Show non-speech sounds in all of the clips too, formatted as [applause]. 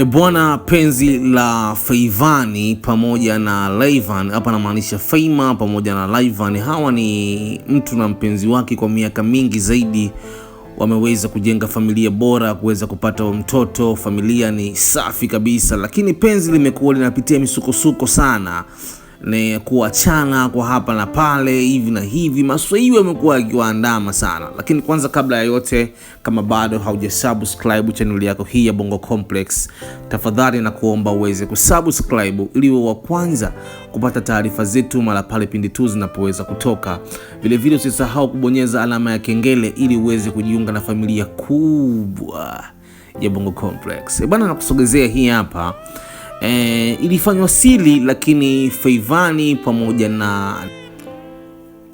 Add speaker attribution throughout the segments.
Speaker 1: Eh, Bwana penzi la Feivani pamoja na Laivan, hapa anamaanisha Feima pamoja na Laivan. Hawa ni mtu na mpenzi wake kwa miaka mingi zaidi, wameweza kujenga familia bora, kuweza kupata mtoto. Familia ni safi kabisa, lakini penzi limekuwa linapitia misukosuko sana ni kuachana kwa hapa na pale hivi na hivi, maswala yamekuwa yakiwaandama sana. Lakini kwanza, kabla ya yote, kama bado haujasubscribe chaneli yako hii ya Bongo Complex, tafadhali na kuomba uweze kusubscribe ili wa kwanza kupata taarifa zetu mara pale pindi tu zinapoweza kutoka. Vilevile usisahau kubonyeza alama ya kengele ili uweze kujiunga na familia kubwa ya Bongo Complex. E bwana, nakusogezea hii hapa e, ilifanywa siri, lakini Feivani pamoja na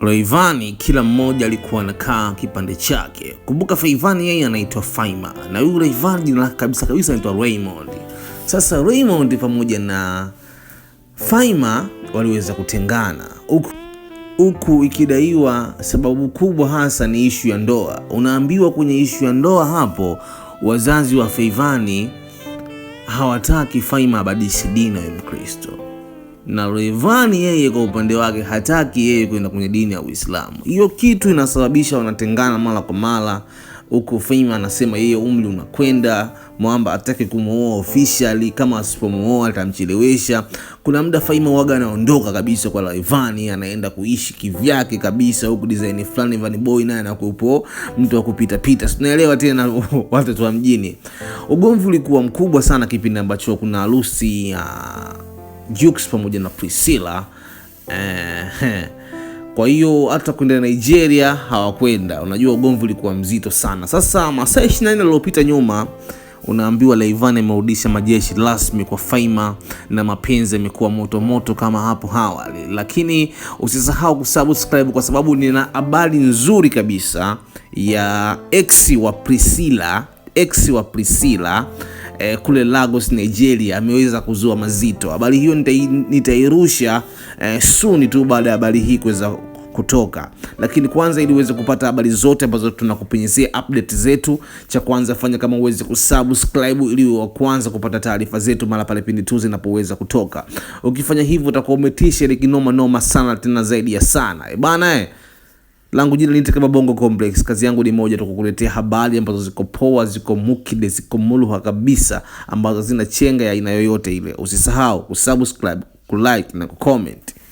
Speaker 1: Loivani kila mmoja alikuwa anakaa kipande chake. Kumbuka Feivani yeye anaitwa Faima na yule Loivani jina lake kabisa kabisa anaitwa Raymond. Sasa Raymond pamoja na Faima waliweza kutengana huku huku ikidaiwa sababu kubwa hasa ni ishu ya ndoa. Unaambiwa kwenye ishu ya ndoa hapo wazazi wa Feivani hawataki Faima abadishi dini ya Mkristo, na Rayvanny yeye kwa upande wake hataki yeye kwenda kwenye dini ya Uislamu. Hiyo kitu inasababisha wanatengana mara kwa mara, huku Faima anasema yeye umri unakwenda mwamba atake kumuoa officially, kama asipomuoa atamchelewesha. Kuna muda Faima waga anaondoka kabisa kwa Rayvanny, anaenda kuishi kivyake kabisa, huku design fulani Vanny Boy naye anakupo mtu wa kupita pita, tunaelewa tena [laughs] watoto wa mjini. Ugomvi ulikuwa mkubwa sana kipindi ambacho kuna harusi ya uh, Jux pamoja na Priscilla eh, kwa hiyo hata kwenda Nigeria hawakwenda. Unajua ugomvi ulikuwa mzito sana. Sasa masaa 24 yaliyopita nyuma unaambiwa Rayvanny amerudisha majeshi rasmi kwa Faima na mapenzi yamekuwa moto moto kama hapo awali, lakini usisahau kusubscribe kwa sababu nina habari nzuri kabisa ya ex wa Priscilla ex wa Priscilla eh, kule Lagos Nigeria, ameweza kuzua mazito. Habari hiyo nitairusha eh, soon tu baada ya habari hii kuweza kutoka lakini kwanza, ili uweze kupata habari zote ambazo tunakupenyezea update zetu, cha kwanza fanya kama uweze kusubscribe ili wa kwanza kupata taarifa zetu mara pale pindi tu zinapoweza kutoka. Ukifanya hivyo utakuwa umetisha kinoma noma sana, tena zaidi ya sana e bana eh langu jina ni kama Bongo Complex. Kazi yangu ni moja tu, kukuletea habari ambazo ziko poa, ziko mukide, ziko muluha kabisa, ambazo zina chenga ya aina yoyote ile. Usisahau kusubscribe, kulike na kucomment.